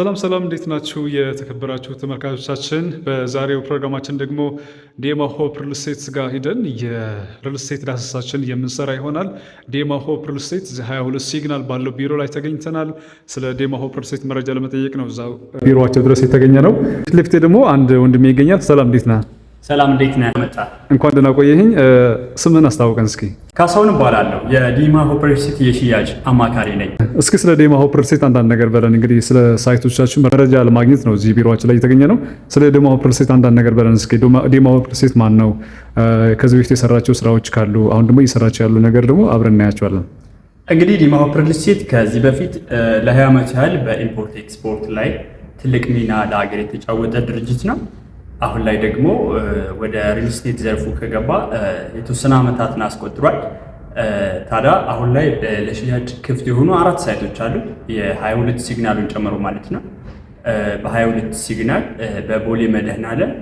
ሰላም ሰላም፣ እንዴት ናችሁ የተከበራችሁ ተመልካቾቻችን? በዛሬው ፕሮግራማችን ደግሞ ዴማ ሆፕ ጋር ሂደን የሪልስቴት ዳሰሳችን የምንሰራ ይሆናል። ዴማ ሆፕ ሪል 22 ሲግናል ባለው ቢሮ ላይ ተገኝተናል። ስለ ዴማ ሆፕ መረጃ ለመጠየቅ ነው ቢሮቸው ድረስ የተገኘ ነው። ፊት ለፊቴ ደግሞ አንድ ወንድሜ ይገኛል። ሰላም፣ እንዴት ነህ? ሰላም እንዴት ነህ? መጣ እንኳን ደህና ቆየህኝ። ስምን አስታውቀን እስኪ። ካሳሁን እባላለሁ የዲማ ሆፐርሲቲ የሽያጭ አማካሪ ነኝ። እስኪ ስለ ዲማ ሆፐርሲቲ አንዳንድ ነገር በለን። እንግዲህ ስለ ሳይቶቻችን መረጃ ለማግኘት ነው እዚህ ቢሮችን ላይ የተገኘ ነው። ስለ ዲማ ሆፐርሲቲ አንዳንድ ነገር በለን እስኪ። ዲማ ሆፐርሲቲ ማን ነው? ከዚህ በፊት የሰራቸው ስራዎች ካሉ፣ አሁን ደግሞ እየሰራቸው ያሉ ነገር ደግሞ አብረን እናያቸዋለን። እንግዲህ ዲማ ሆፐርሲቲ ከዚህ በፊት ለ20 ዓመት ያህል በኢምፖርት ኤክስፖርት ላይ ትልቅ ሚና ለሀገር የተጫወተ ድርጅት ነው። አሁን ላይ ደግሞ ወደ ሪል ስቴት ዘርፉ ከገባ የተወሰነ ዓመታትን አስቆጥሯል። ታዲያ አሁን ላይ ለሽያጭ ክፍት የሆኑ አራት ሳይቶች አሉ፣ የ22 ሲግናሉን ጨምሮ ማለት ነው። በ22 ሲግናል በቦሌ መድኃኔዓለም፣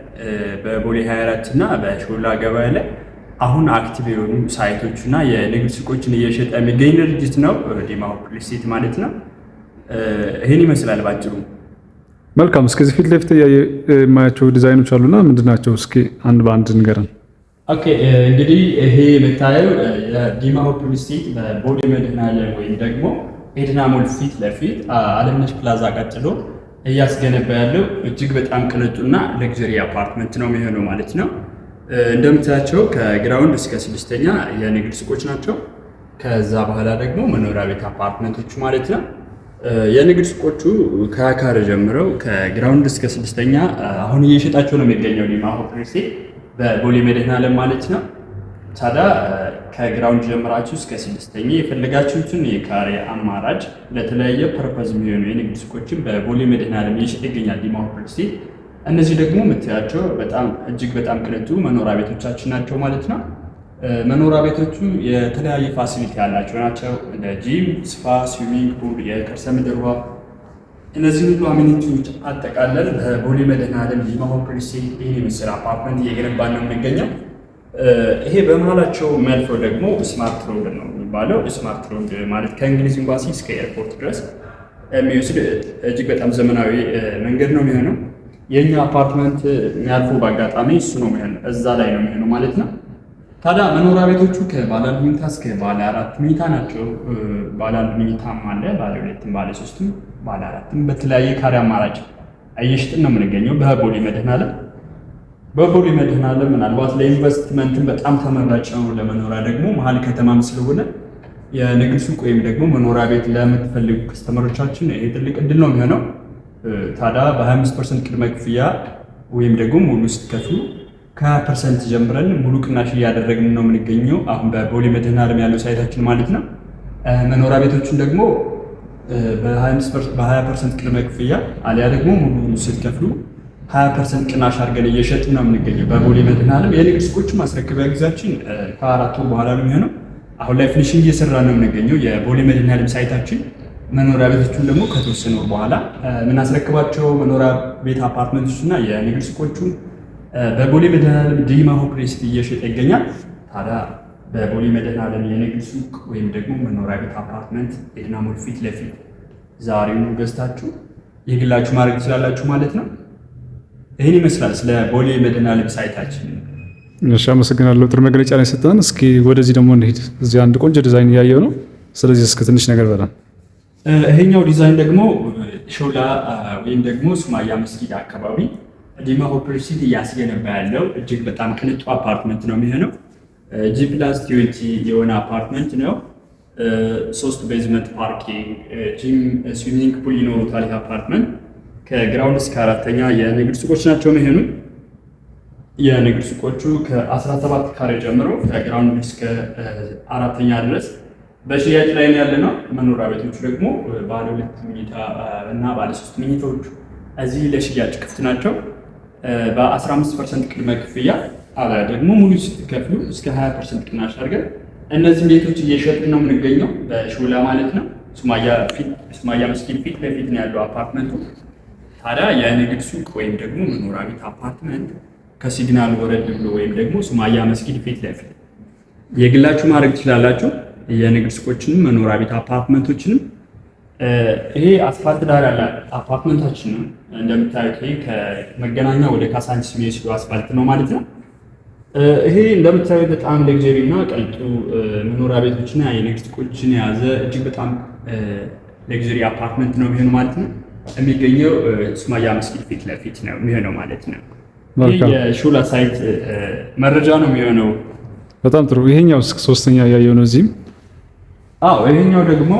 በቦሌ 24 እና በሾላ ገበያ ላይ አሁን አክቲቭ የሆኑ ሳይቶች እና የንግድ ሱቆችን እየሸጠ የሚገኝ ድርጅት ነው ዲማ ሪል ስቴት ማለት ነው። ይህን ይመስላል ባጭሩ። መልካም። እስከዚህ ፊት ለፊት የማያቸው ዲዛይኖች አሉና ምንድን ናቸው? እስኪ አንድ በአንድ ንገረን። ኦኬ እንግዲህ ይሄ የምታየው የዲማሆፕሊስቲክ በቦሌ ላይ ወይም ደግሞ ኤድና ሞል ፊት ለፊት አለምነሽ ፕላዛ ቀጥሎ እያስገነባ ያለው እጅግ በጣም ቅንጡና ለግዘሪ አፓርትመንት ነው የሚሆነው ማለት ነው። እንደምታያቸው ከግራውንድ እስከ ስድስተኛ የንግድ ሱቆች ናቸው። ከዛ በኋላ ደግሞ መኖሪያ ቤት አፓርትመንቶች ማለት ነው። የንግድ ሱቆቹ ከካሬ ጀምረው ከግራውንድ እስከ ስድስተኛ አሁን እየሸጣቸው ነው የሚገኘው ዲማ ሆፕሪሴ በቦሌ መድኃኔዓለም ማለት ነው። ታዲያ ከግራውንድ ጀምራችሁ እስከ ስድስተኛ የፈለጋችሁትን የካሬ አማራጭ ለተለያየ ፐርፐዝ የሚሆኑ የንግድ ሱቆችን በቦሌ መድኃኔዓለም እየሸጠ ይገኛል ዲማ ሆፕሪሴ። እነዚህ ደግሞ የምታያቸው በጣም እጅግ በጣም ቅንጡ መኖሪያ ቤቶቻችን ናቸው ማለት ነው። መኖሪያ ቤቶቹ የተለያየ ፋሲሊቲ ያላቸው ናቸው። እንደ ጂም፣ ስፓ፣ ስዊሚንግ ፑል፣ የከርሰ ምድር ውሃ እነዚህ ሁሉ አሚኒቲዎች አጠቃለል በቦሌ መድኃኔዓለም ሊማ ሆፕ ስቴት ይህን የመሰለ አፓርትመንት እየገነባን ነው የምንገኘው። ይሄ በመሀላቸው መልፎ ደግሞ ስማርት ሮድ ነው የሚባለው። ስማርት ሮድ ማለት ከእንግሊዝ ኤምባሲ እስከ ኤርፖርት ድረስ የሚወስድ እጅግ በጣም ዘመናዊ መንገድ ነው የሚሆነው። የእኛ አፓርትመንት የሚያልፉ በአጋጣሚ እሱ ነው የሚሆነው፣ እዛ ላይ ነው የሚሆነው ማለት ነው። ታዲያ መኖሪያ ቤቶቹ ከባለ አንድ መኝታ እስከ ባለ አራት መኝታ ናቸው። ባለ አንድ መኝታም አለ፣ ባለ ሁለትም፣ ባለ ሶስትም፣ ባለ አራትም በተለያየ ካሬ አማራጭ እየሸጥን ነው የምንገኘው በቦሌ መድኃኔዓለም። በቦሌ መድኃኔዓለም ምናልባት ለኢንቨስትመንትም በጣም ተመራጭ ነው። ለመኖሪያ ደግሞ መሀል ከተማም ስለሆነ የንግድ ሱቅ ወይም ደግሞ መኖሪያ ቤት ለምትፈልጉ ከስተመሮቻችን ይሄ ትልቅ እድል ነው የሚሆነው። ታዲያ በ25 ፐርሰንት ቅድመ ክፍያ ወይም ደግሞ ሙሉ ስትከፍሉ ከፐርሰንት ፐርሰንት ጀምረን ሙሉ ቅናሽ እያደረግን ነው የምንገኘው አሁን በቦሌ መድኃኔዓለም ያለው ሳይታችን ማለት ነው። መኖሪያ ቤቶችን ደግሞ በ በ20 ፐርሰንት ቅድመ ክፍያ አሊያ ደግሞ ሙሉ ስትከፍሉ 20 ፐርሰንት ቅናሽ አድርገን እየሸጥን ነው የምንገኘው በቦሌ መድኃኔዓለም። የንግድ ሱቆቹ ማስረከቢያ ጊዜያችን ከአራት ወር በኋላ ነው የሚሆነው። አሁን ላይ ፊኒሽንግ እየሰራ ነው የምንገኘው የቦሌ መድኃኔዓለም ሳይታችን መኖሪያ ቤቶቹን ደግሞ ከተወሰነ ወር በኋላ የምናስረክባቸው መኖሪያ ቤት አፓርትመንቶች እና የንግድ ስቆቹን በቦሌ መድኃኔዓለም ዲማ ሆፕሬስ እየሸጠ ይገኛል። ታዲያ በቦሌ መድኃኔዓለም የንግድ ሱቅ ወይም ደግሞ መኖሪያ ቤት አፓርትመንት ኤድና ሞል ፊት ለፊት ዛሬውኑ ገዝታችሁ የግላችሁ ማድረግ ትችላላችሁ ማለት ነው። ይህን ይመስላል ስለ ቦሌ መድኃኔዓለም ሳይታችን። እሺ፣ አመሰግናለሁ። ጥሩ መግለጫ ላይ ሰጠን። እስኪ ወደዚህ ደግሞ እንሂድ። እዚህ አንድ ቆንጆ ዲዛይን እያየው ነው። ስለዚህ እስከ ትንሽ ነገር በላን። ይሄኛው ዲዛይን ደግሞ ሾላ ወይም ደግሞ ሱማያ መስጊድ አካባቢ ዲማ ሆፕል ሲቲ እያስገነባ ያለው እጅግ በጣም ቅንጡ አፓርትመንት ነው የሚሆነው። ጂ ፕላስ ቲዩቲ የሆነ አፓርትመንት ነው። ሶስት ቤዝመንት ፓርኪንግ፣ ጂም፣ ስዊሚንግ ፑል ይኖሩታል። ይህ አፓርትመንት ከግራውንድ እስከ አራተኛ የንግድ ሱቆች ናቸው የሚሆኑ። የንግድ ሱቆቹ ከ17 ካሬ ጀምሮ ከግራውንድ እስከ አራተኛ ድረስ በሽያጭ ላይ ነው ያለ ነው። መኖሪያ ቤቶቹ ደግሞ ባለ ሁለት መኝታ እና ባለ ሶስት መኝታዎቹ እዚህ ለሽያጭ ክፍት ናቸው። በ15 ፐርሰንት ቅድመ ክፍያ አላ ደግሞ ሙሉ ስትከፍሉ እስከ 20 ፐርሰንት ቅናሽ አድርገን እነዚህ ቤቶች እየሸጥን ነው የምንገኘው በሾላ ማለት ነው። ሱማያ መስጊድ ፊት ለፊት ነው ያለው አፓርትመንቱ። ታዲያ የንግድ ሱቅ ወይም ደግሞ መኖሪያ ቤት አፓርትመንት ከሲግናል ወረድ ብሎ ወይም ደግሞ ሱማያ መስጊድ ፊት ለፊት የግላችሁ ማድረግ ትችላላችሁ። የንግድ ሱቆችንም መኖሪያ ቤት አፓርትመንቶችንም ይሄ አስፋልት ዳር ያለ አፓርትመንታችን ነው። እንደምታዩት ይሄ ከመገናኛ ወደ ካሳንቺስ የሚወስደው አስፋልት ነው ማለት ነው። ይሄ እንደምታዩት በጣም ለግጀሪ እና ቀልጡ መኖሪያ ቤቶችና የንግድ ሱቆችን የያዘ እጅግ በጣም ለግጀሪ አፓርትመንት ነው የሚሆነው ማለት ነው። የሚገኘው ሱማያ መስጊድ ፊት ለፊት ነው የሚሆነው ማለት ነው። የሹላ ሳይት መረጃ ነው የሚሆነው። በጣም ጥሩ። ይሄኛው ሶስተኛ ያየው ነው እዚህም። አዎ ይሄኛው ደግሞ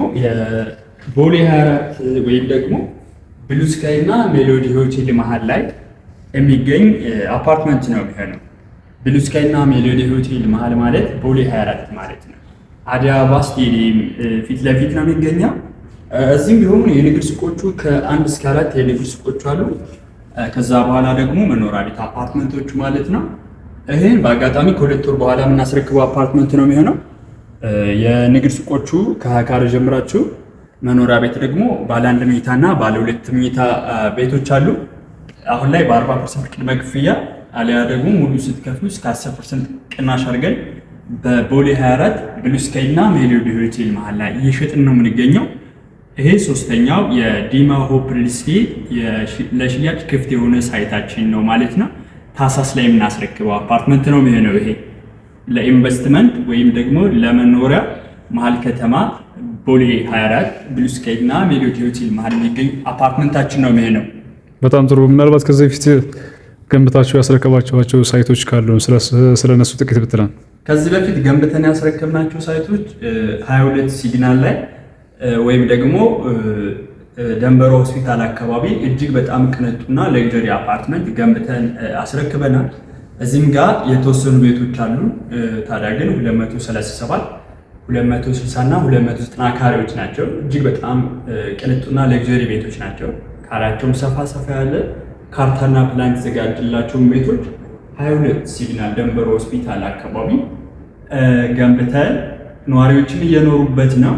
ቦሌ 24 ወይም ደግሞ ብሉ ስካይ እና ሜሎዲ ሆቴል መሀል ላይ የሚገኝ አፓርትመንት ነው የሚሆነው። ብሉ ስካይ እና ሜሎዲ ሆቴል መሀል ማለት ቦሌ 24 ማለት ነው። አዲስ አበባ ስቴዲየም ፊት ለፊት ነው የሚገኘው። እዚህም ቢሆኑ የንግድ ሱቆቹ ከአንድ እስከ አራት የንግድ ሱቆቹ አሉ። ከዛ በኋላ ደግሞ መኖሪያ ቤት አፓርትመንቶቹ ማለት ነው። ይህን በአጋጣሚ ከሁለት ወር በኋላ የምናስረክበው አፓርትመንት ነው የሚሆነው። የንግድ ሱቆቹ ከሀካር ጀምራችሁ መኖሪያ ቤት ደግሞ ባለ አንድ መኝታ እና ባለ ሁለት መኝታ ቤቶች አሉ። አሁን ላይ በአርባ ፐርሰንት ቅድመ ክፍያ አሊያ ደግሞ ሙሉ ስትከፍሉ እስከ አስር ፐርሰንት ቅናሽ አድርገን በቦሌ 24 ብሉ ስካይ እና ሜሎዲ ሆቴል መሀል ላይ እየሸጥን ነው የምንገኘው። ይሄ ሶስተኛው የዲማ ሆፕ ሪል ስቴት ለሽያጭ ክፍት የሆነ ሳይታችን ነው ማለት ነው። ታሳስ ላይ የምናስረክበው አፓርትመንት ነው የሚሆነው። ይሄ ለኢንቨስትመንት ወይም ደግሞ ለመኖሪያ መሀል ከተማ ቦሌ 24 ብሉ ስካይ እና ሜሎዲ ሆቴል መሀል የሚገኝ አፓርትመንታችን ነው ይሄ ነው። በጣም ጥሩ። ምናልባት ከዚህ በፊት ገንብታችሁ ያስረከባችኋቸው ሳይቶች ካሉ ስለነሱ ጥቂት ብትለን። ከዚህ በፊት ገንብተን ያስረከብናቸው ሳይቶች 22 ሲግናል ላይ ወይም ደግሞ ደንበሮ ሆስፒታል አካባቢ እጅግ በጣም ቅንጡና ለግጀሪ አፓርትመንት ገንብተን አስረክበናል። እዚህም ጋር የተወሰኑ ቤቶች አሉ። ታዲያ ግን 237 260 እና 290 ካሬዎች ናቸው። እጅግ በጣም ቅንጡና ለግዘሪ ቤቶች ናቸው። ካሬያቸውም ሰፋ ሰፋ ያለ ካርታና ፕላን የተዘጋጀላቸውን ቤቶች 22 ሲግናል ደንበሮ ሆስፒታል አካባቢ ገንብተን ነዋሪዎችም እየኖሩበት ነው።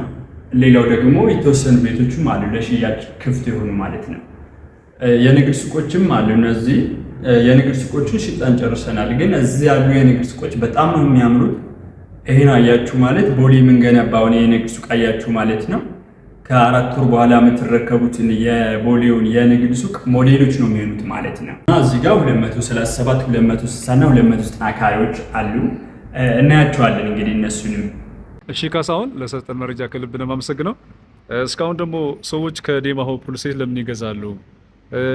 ሌላው ደግሞ የተወሰኑ ቤቶችም አሉ ለሽያጭ ክፍት የሆኑ ማለት ነው። የንግድ ሱቆችም አሉ። እነዚህ የንግድ ሱቆችን ሽጠን ጨርሰናል። ግን እዚህ ያሉ የንግድ ሱቆች በጣም ነው የሚያምሩት። ይሄን አያችሁ ማለት ቦሌ የምንገነባውን የንግድ ሱቅ አያችሁ ማለት ነው። ከአራት ወር በኋላ የምትረከቡትን የቦሌውን የንግድ ሱቅ ሞዴሎች ነው የሚሆኑት ማለት ነው እና እዚህ ጋር 237 260 እና 290 ካሬዎች አሉ። እናያቸዋለን እንግዲህ እነሱንም። እሺ ካሳሁን ለሰጠን መረጃ ከልብ ነው የማመሰግነው። እስካሁን ደግሞ ሰዎች ከዴማሆ ሆፕ ለምን ይገዛሉ?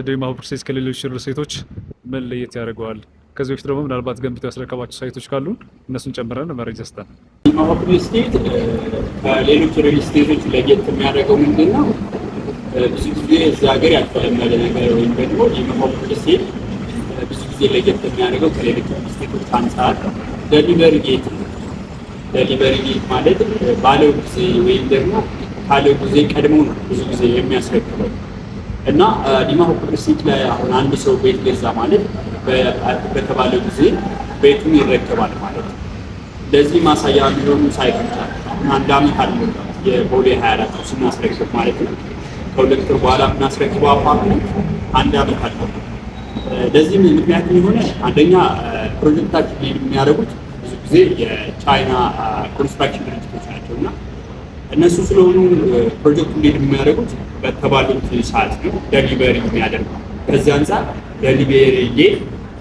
ዴማሆ ሆፕ ከሌሎች ሪል ስቴቶች ምን ለየት ያደርገዋል? ከዚህ በፊት ደግሞ ምናልባት ገንብተው ያስረከባቸው ሳይቶች ካሉን እነሱን ጨምረን መረጃ ስጠን። ከሌሎች ለየት የሚያደርገው ምንድን ነው? ብዙ ጊዜ ሀገር ያልተለመደ ነገር ወይም ደግሞ ብዙ ጊዜ ለየት የሚያደርገው ከሌሎች አንጻር ደሊቨሪ ጌት ነው። ደሊቨሪ ጌት ማለት ባለው ጊዜ ወይም ደግሞ ካለው ጊዜ ቀድሞ ነው ብዙ ጊዜ የሚያስረክበው እና ዲማ ሆፕ ስቴት ላይ አሁን አንድ ሰው ቤት ገዛ ማለት በተባለው ጊዜ ቤቱን ይረከባል ማለት ነው። ለዚህ ማሳያ የሚሆኑ ሳይቶች አሉ። አሁን አንድ አመት አለ የቦሌ 24 ስናስረክብ ማለት ነው። ከሁለት ወር በኋላ የምናስረክበው አፓርትመንት አንድ አመት አለ። ለዚህ ምክንያት የሆነ አንደኛ ፕሮጀክታችን የሚያደርጉት ብዙ ጊዜ የቻይና ኮንስትራክሽን እነሱ ስለሆኑ ፕሮጀክቱ እንዴት የሚያደርጉት በተባሉት ሰዓት ነው ደሊቨሪ የሚያደርጉ። ከዚህ አንጻር ደሊቨሪ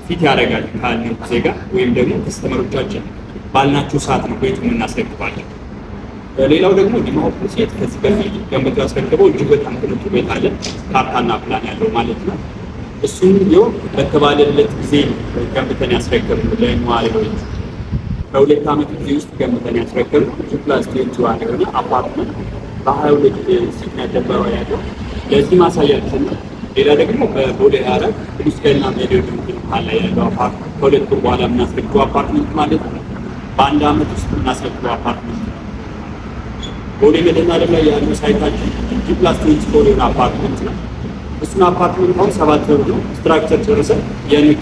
ፊት ያደርጋል ካለው ዜጋ ወይም ደግሞ ከስተመሮቻችን ባልናቸው ሰዓት ነው ቤት የምናስረክባቸው። ሌላው ደግሞ ሴት ከዚህ በፊት ገንብቶ ያስረክበው እጅግ በጣም ትልቅ ቤት አለ፣ ካርታና ፕላን ያለው ማለት ነው። እሱም ቢሆን በተባለለት ጊዜ ገንብተን ያስረክብ ለነዋሪዎች በሁለት ዓመት ጊዜ ውስጥ ገምተን ያስረክብ ፕላስ ቴንች የሆነ አፓርትመንት በሀያ ሁለት ሲግና ደበራ ያለው ለዚህ ማሳያችን ነው። ሌላ ደግሞ በቦሌ አረብ ብሉስካይና ሜዲዮን ላይ ያለው አፓርትመንት ከሁለቱ በኋላ የምናስረክበው አፓርትመንት ማለት ነው። በአንድ ዓመት ውስጥ የምናስረክበው አፓርትመንት ቦሌ መድኃኔዓለም ላይ ያለው ሳይታችን ጂ ፕላስ ቴንች ፎር የሆነ አፓርትመንት ነው። እሱን አፓርትመንት አሁን ሰባት ወር ነው ስትራክቸር ጨርሰን የንግድ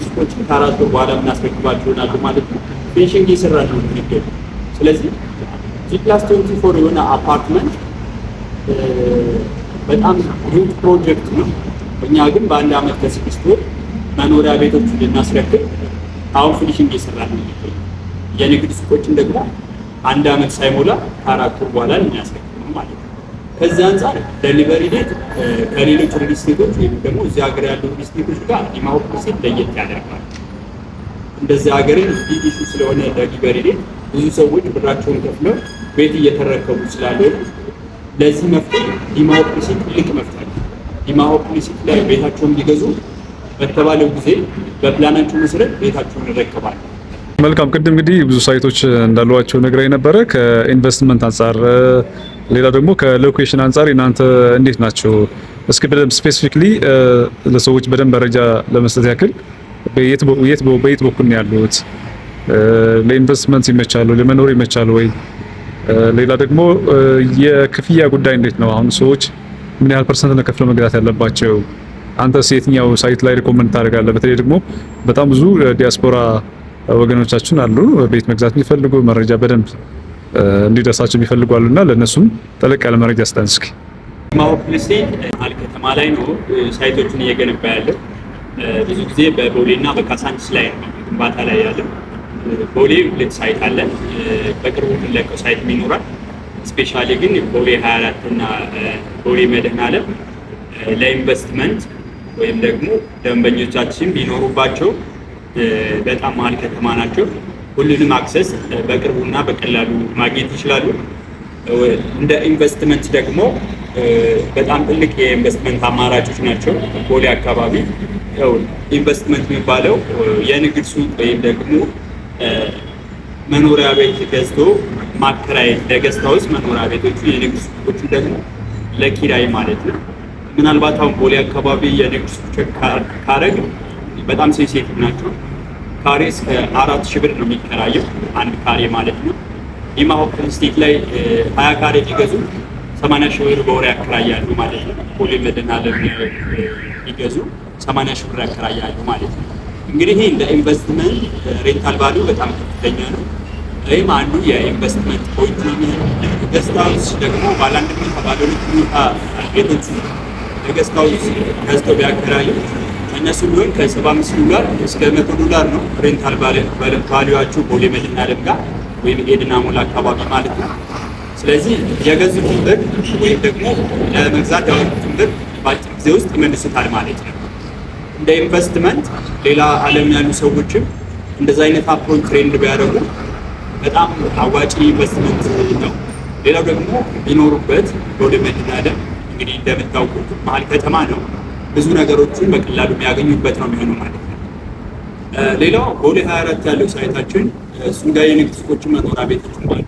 ከአራት ወር በኋላ የምናስረክባቸው ይሆናሉ ማለት ነው። ፔንሽን እየሰራ ነው የሚገኝ። ስለዚህ ጂ ፕላስ 24 የሆነ አፓርትመንት በጣም ሩት ፕሮጀክት ነው። እኛ ግን በአንድ አመት ከስድስት ወር መኖሪያ ቤቶች ልናስረክብ አሁን ፊኒሽንግ እየሰራ ነው የሚገኝ። የንግድ ሱቆችን ደግሞ አንድ አመት ሳይሞላ ከአራት ወር በኋላ ልናስረክብ ነው ማለት ነው። ከዚህ አንጻር ደሊቨሪ ዴት ከሌሎች ሪል ስቴቶች ወይም ደግሞ እዚህ ሀገር ያሉ ሪል ስቴቶች ጋር ዲማሆፕ ሴት ለየት ያደርገዋል። እንደዚህ ሀገርን ቢዲሲ ስለሆነ ለጊበሬሌ ብዙ ሰዎች ብራቸውን ከፍለው ቤት እየተረከቡ ስላለ ለዚህ መፍትሄ ዲሞክራሲ ትልቅ መፍትሄ ዲሞክራሲ ላይ ቤታቸውን ቢገዙ በተባለው ጊዜ በፕላናቸው መሰረት ቤታቸውን ይረከባል። መልካም ቅድም እንግዲህ ብዙ ሳይቶች እንዳሏቸው ነግራ የነበረ ከኢንቨስትመንት አንጻር፣ ሌላ ደግሞ ከሎኬሽን አንጻር እናንተ እንዴት ናቸው? እስኪ በደንብ ስፔሲፊክሊ ለሰዎች በደንብ መረጃ ለመስጠት ያክል በየት በየት በኩል ነው ያሉት፣ ለኢንቨስትመንት ይመቻሉ፣ ለመኖር ይመቻሉ ወይ? ሌላ ደግሞ የክፍያ ጉዳይ እንዴት ነው? አሁን ሰዎች ምን ያህል ፐርሰንት ነው ከፍለው መግዛት ያለባቸው? አንተስ የትኛው ሳይት ላይ ሪኮመንድ ታደርጋለህ? በተለይ ደግሞ በጣም ብዙ ዲያስፖራ ወገኖቻችን አሉ ቤት መግዛት የሚፈልጉ መረጃ በደንብ እንዲደርሳቸው የሚፈልጉ አሉና ለእነሱም ጠለቅ ያለ መረጃ ስጠን እስኪ። ማወቅ ልስቴ ከተማ ላይ ነው ሳይቶቹን እየገነባ ያለው ብዙ ጊዜ በቦሌ እና በካሳንስ ላይ ግንባታ ላይ ያለ ቦሌ ሁለት ሳይት አለ። በቅርቡ የምንለቀው ሳይት ይኖራል። እስፔሻሊ ግን ቦሌ 24 እና ቦሌ መድኃኔዓለም ለኢንቨስትመንት ወይም ደግሞ ደንበኞቻችን ቢኖሩባቸው በጣም መሀል ከተማ ናቸው። ሁሉንም አክሰስ በቅርቡና በቀላሉ ማግኘት ይችላሉ። እንደ ኢንቨስትመንት ደግሞ በጣም ትልቅ የኢንቨስትመንት አማራጮች ናቸው። ቦሌ አካባቢ ያው ኢንቨስትመንት የሚባለው የንግድ ሱቅ ወይም ደግሞ መኖሪያ ቤት ገዝቶ ማከራየት ለገዝታ ውስጥ መኖሪያ ቤቶቹ የንግድ ሱቆቹ ደግሞ ለኪራይ ማለት ነው። ምናልባት አሁን ቦሌ አካባቢ የንግድ ሱቆች ካረግ በጣም ሴንሴቲቭ ናቸው። ካሬ እስከ አራት ሺህ ብር ነው የሚከራየው አንድ ካሬ ማለት ነው። ኢማ ሆፕ ስቴት ላይ ሀያ ካሬ ቢገዙ ሰማንያ ሺህ ብር በወር ያከራያሉ ማለት ነው። ሁሌ መድኃኔዓለም ይገዙ ሰማንያ ሺህ ብር ያከራያሉ ማለት ነው። እንግዲህ ይህ ለኢንቨስትመንት ሬንታል ቫሉ በጣም ከፍተኛ ነው። ይህም አንዱ የኢንቨስትመንት ፖይንት ነው የሚሆነው። ገስት ደግሞ ባለ አንድ መኝታ ባለ ሁለት መኝታ ቤቶች ለገስት ሀውስ ገዝተው ቢያከራዩ እነሱ ቢሆን ከሰባ አምስት ዶላር እስከ መቶ ዶላር ነው ሬንታል ቫሉያቸው ቦሌ መድኃኔዓለም ጋር ወይም ኤድና ሞል አካባቢ ማለት ነው። ስለዚህ የገዙትን ብር ወይም ደግሞ ለመግዛት ያወጡትን ብር በአጭር ጊዜ ውስጥ ይመልሱታል ማለት ነው። እንደ ኢንቨስትመንት ሌላ ዓለም ያሉ ሰዎችም እንደዛ አይነት አፕሮች ትሬንድ ቢያደርጉ በጣም አዋጪ ኢንቨስትመንት ነው። ሌላው ደግሞ ቢኖሩበት ወደ መዲና ዓለም እንግዲህ እንደምታውቁት መሀል ከተማ ነው። ብዙ ነገሮችን በቀላሉ የሚያገኙበት ነው የሚሆኑ ማለት ነው። ሌላው ቦሌ 24 ያለው ሳይታችን እሱም ጋር የንግድ ሱቆችን መኖሪያ ቤቶችም አሉ።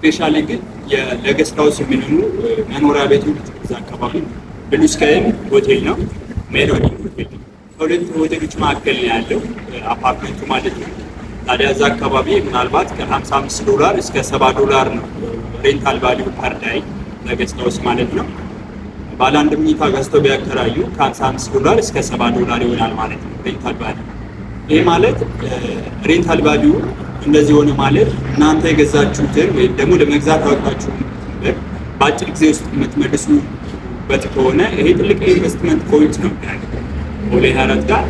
ስፔሻሊ ግን ለገስት ሀውስ የሚሆኑ መኖሪያ ቤቶች እዛ አካባቢ ብሉ ስካይም ሆቴል ነው፣ ሜሎዲን ሆቴል ነው። ከሁለት ሆቴሎች መካከል ነው ያለው አፓርትመንቱ ማለት ነው። ታዲያ እዛ አካባቢ ምናልባት ከ55 ዶላር እስከ 70 ዶላር ነው ሬንታል ቫሊዩ ፐር ዳይ ለገስት ሀውስ ማለት ነው። ባለ አንድ ምኝታ ገዝተው ቢያከራዩ ከ55 ዶላር እስከ 70 ዶላር ይሆናል ማለት ነው ሬንታል ቫሊዩ። ይህ ማለት ሬንታል ቫሊዩ እንደዚህ ሆነ ማለት እናንተ የገዛችሁትን ወይም ደግሞ ለመግዛት ያወጣችሁ በአጭር ጊዜ ውስጥ የምትመልሱበት ከሆነ ይሄ ትልቅ ኢንቨስትመንት ፖይንት ነው ያለ ቦሌ ሀረት ጋር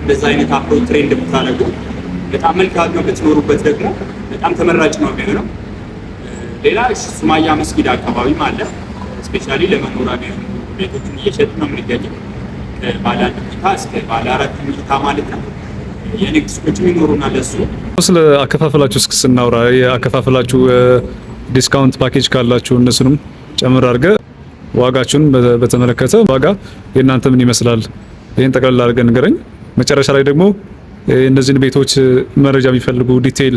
እንደዛ አይነት አፕሮ ትሬንድ ብታደርጉ በጣም መልካም ነው። ብትኖሩበት ደግሞ በጣም ተመራጭ ነው የሚሆነው። ሌላ ሱማያ መስጊድ አካባቢም አለ። ስፔሻሊ ለመኖሪያ ቤቶችን እየሸጥ ነው የምንገኘው ከባለ አንድ መኝታ እስከ ባለ አራት መኝታ ማለት ነው። የንግድ ሱቆችም ይኖሩና ለሱ ስለ አከፋፈላችሁ እስክ ስናውራ የአከፋፈላችሁ ዲስካውንት ፓኬጅ ካላችሁ እነሱንም ጨምር አድርገ ዋጋችሁን በተመለከተ ዋጋ የእናንተ ምን ይመስላል? ይህን ጠቅላላ አድርገ ንገረኝ። መጨረሻ ላይ ደግሞ እነዚህን ቤቶች መረጃ የሚፈልጉ ዲቴይል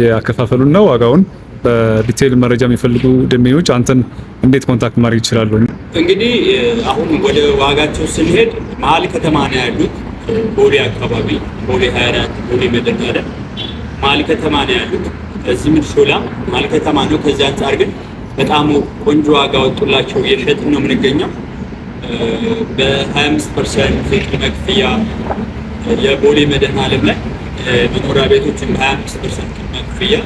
የአከፋፈሉና ዋጋውን በዲቴይል መረጃ የሚፈልጉ ደንበኞች አንተን እንዴት ኮንታክት ማድረግ ይችላሉ? እንግዲህ አሁን ወደ ዋጋቸው ስንሄድ መሀል ከተማ ነው ያሉት ቦሌ አካባቢ ቦሌ 24 ቦሌ መደዳደር መሀል ከተማ ነው ያሉት። እዚህም ሾላ መሀል ከተማ ነው። ከዚህ አንጻር ግን በጣም ቆንጆ ዋጋ ወጡላቸው የሸጥን ነው የምንገኘው። በ25 ፐርሰንት ቅድመ ክፍያ የቦሌ መድኃኔዓለም ላይ መኖሪያ ቤቶችን በ25 ፐርሰንት ቅድመ ክፍያ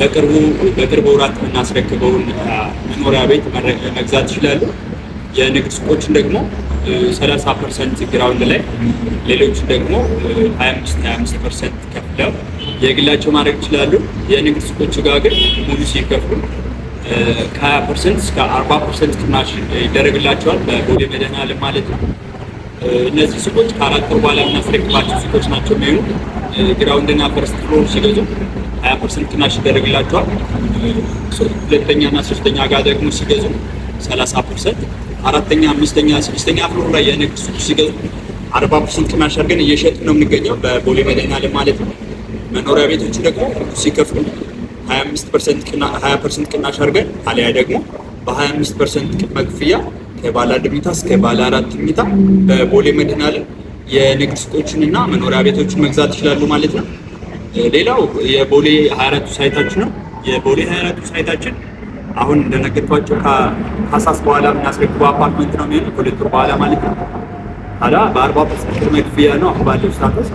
በቅርቡ በቅርብ ወራት የምናስረክበውን መኖሪያ ቤት መግዛት ይችላሉ። የንግድ ሱቆችን ደግሞ 30 ፐርሰንት ግራውንድ ላይ ሌሎችን ደግሞ 25 25 ፐርሰንት ከፍለው የግላቸው ማድረግ ይችላሉ። የንግድ ሱቆቹ ጋር ግን ሙሉ ሲከፍሉ ከ20 ፐርሰንት እስከ 40 ፐርሰንት ቅናሽ ይደረግላቸዋል በቦሌ መድኃኒዓለም ማለት ነው። እነዚህ ሱቆች ከአራት በኋላ የምናስረክባቸው ሱቆች ናቸው የሚሆኑ ግራውንድና ፈርስት ፍሎር ሲገዙ 20 ፐርሰንት ቅናሽ ይደረግላቸዋል። ሁለተኛና ሶስተኛ ጋር ደግሞ ሲገዙ 30 ፐርሰንት፣ አራተኛ፣ አምስተኛ፣ ስድስተኛ ፍሎር ላይ የንግድ ሱቅ ሲገዙ 40 ፐርሰንት ቅናሽ አድርገን እየሸጥን ነው የምንገኘው በቦሌ መድኃኒዓለም ማለት ነው። መኖሪያ ቤቶች ደግሞ ሲከፍሉ 25 ፐርሰንት ቅናሽ አድርገን አሊያ ደግሞ በ25 ፐርሰንት ቅድመ ክፍያ ከባለ አንድ ሚታ እስከ ባለ አራት ሚታ በቦሌ መድኃኔዓለም የንግድ ሱቆችን እና መኖሪያ ቤቶችን መግዛት ይችላሉ ማለት ነው። ሌላው የቦሌ 24 ቱ ሳይታችን ነው። የቦሌ 24 ቱ ሳይታችን አሁን እንደነገርኳቸው ከሀሳስ በኋላ የምናስረክበው አፓርትመንት ነው የሚሆነው ከሁለት ወር በኋላ ማለት ነው። ታዲያ በ40 ፐርሰንት ቅድመ ክፍያ ነው አሁን ባለው ስታተስ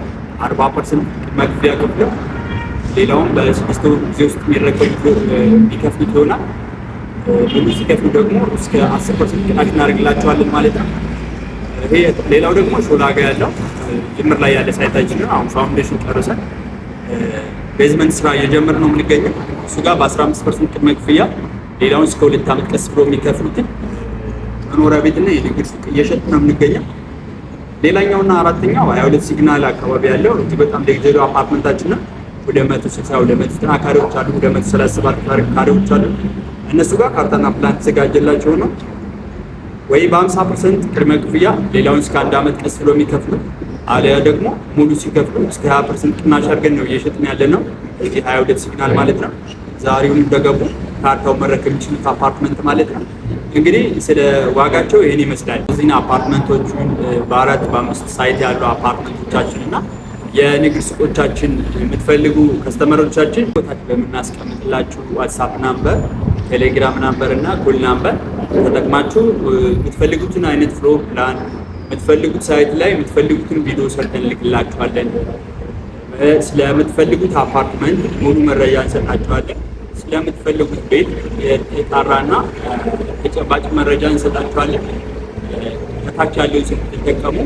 አርባ ፐርሰንት መክፍያ ከፍለው ሌላውን በስድስት ወር ጊዜ ውስጥ የሚረከቡት የሚከፍሉት ይሆናል። ሙሉ ሲከፍሉ ደግሞ እስከ አስር ፐርሰንት ቅናሽ እናደርግላቸዋለን ማለት ነው። ይሄ ሌላው ደግሞ ሾላ ጋ ያለው ጅምር ላይ ያለ ሳይታችን ነው። አሁን ፋውንዴሽን ጨርሰን ቤዝመንት ስራ እየጀመረ ነው የምንገኘው። እሱ ጋር በ15 ፐርሰንት ቅድመ ክፍያ ሌላውን እስከ ሁለት ዓመት ቀስ ብሎ የሚከፍሉትን መኖሪያ ቤትና የንግድ ሱቅ እየሸጥ ነው የምንገኘው። ሌላኛውና አራተኛው 22 ሲግናል አካባቢ ያለው እጅግ በጣም ለጊዜው አፓርትመንታችን ነው። ወደ 160 ወደ 190 ካሬዎች አሉ። ወደ 137 ካሬዎች አሉ። እነሱ ጋር ካርታና ፕላን ተዘጋጀላቸው ነው ወይ በ50 ፐርሰንት ቅድመ ክፍያ ሌላውን እስከ አንድ ዓመት ቀስ ብሎ የሚከፍሉ አለያ ደግሞ ሙሉ ሲከፍሉ እስከ 20 ፐርሰንት ቅናሽ አድርገን ነው እየሸጥን ያለ ነው። እዚህ 22 ሲግናል ማለት ነው። ዛሬውን እንደገቡ ካርታው መረከብ የሚችሉት አፓርትመንት ማለት ነው። እንግዲህ ስለ ዋጋቸው ይህን ይመስላል። እዚህ አፓርትመንቶቹን በአራት በአምስት ሳይት ያሉ አፓርትመንቶቻችን እና የንግድ ሱቆቻችን የምትፈልጉ ከስተመሮቻችን ቦታች በምናስቀምጥላችሁ ዋትሳፕ ናምበር፣ ቴሌግራም ናምበር እና ኮል ናምበር ተጠቅማችሁ የምትፈልጉትን አይነት ፍሎር ፕላን የምትፈልጉት ሳይት ላይ የምትፈልጉትን ቪዲዮ ሰርተን ስለምትፈልጉት አፓርትመንት ሙሉ መረጃ እንሰጣችኋለን። ለምትፈልጉት ቤት የጣራና ተጨባጭ መረጃ እንሰጣችኋለን። ከታች ያለው ትጠቀሙ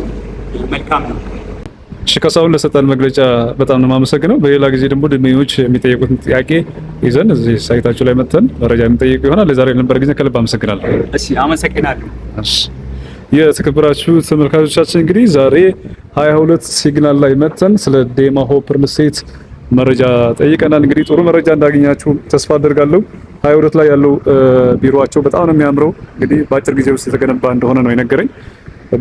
መልካም ነው። እሺ ካሳሁን ለሰጠን መግለጫ በጣም ነው የማመሰግነው። በሌላ ጊዜ ደግሞ ደንበኞች የሚጠየቁትን ጥያቄ ይዘን እዚህ ሳይታችሁ ላይ መጥተን መረጃ የሚጠየቁ ይሆናል። ለዛሬ ለነበረ ጊዜ ከልብ አመሰግናለሁ። እሺ አመሰግናለሁ። እሺ የተከበራችሁ ተመልካቾቻችን እንግዲህ ዛሬ 22 ሲግናል ላይ መጥተን ስለ ዴማ ሆፕ ሪል እስቴት መረጃ ጠይቀናል። እንግዲህ ጥሩ መረጃ እንዳገኛችሁ ተስፋ አደርጋለሁ። ሀያ ሁለት ላይ ያለው ቢሮቸው በጣም ነው የሚያምረው። እንግዲህ በአጭር ጊዜ ውስጥ የተገነባ እንደሆነ ነው የነገረኝ።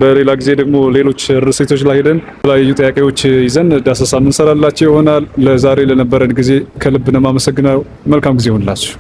በሌላ ጊዜ ደግሞ ሌሎች ርሴቶች ላይ ሄደን የተለያዩ ጥያቄዎች ይዘን ዳሰሳ የምንሰራላቸው ይሆናል። ለዛሬ ለነበረን ጊዜ ከልብ ነው የማመሰግነው። መልካም ጊዜ ይሆንላችሁ።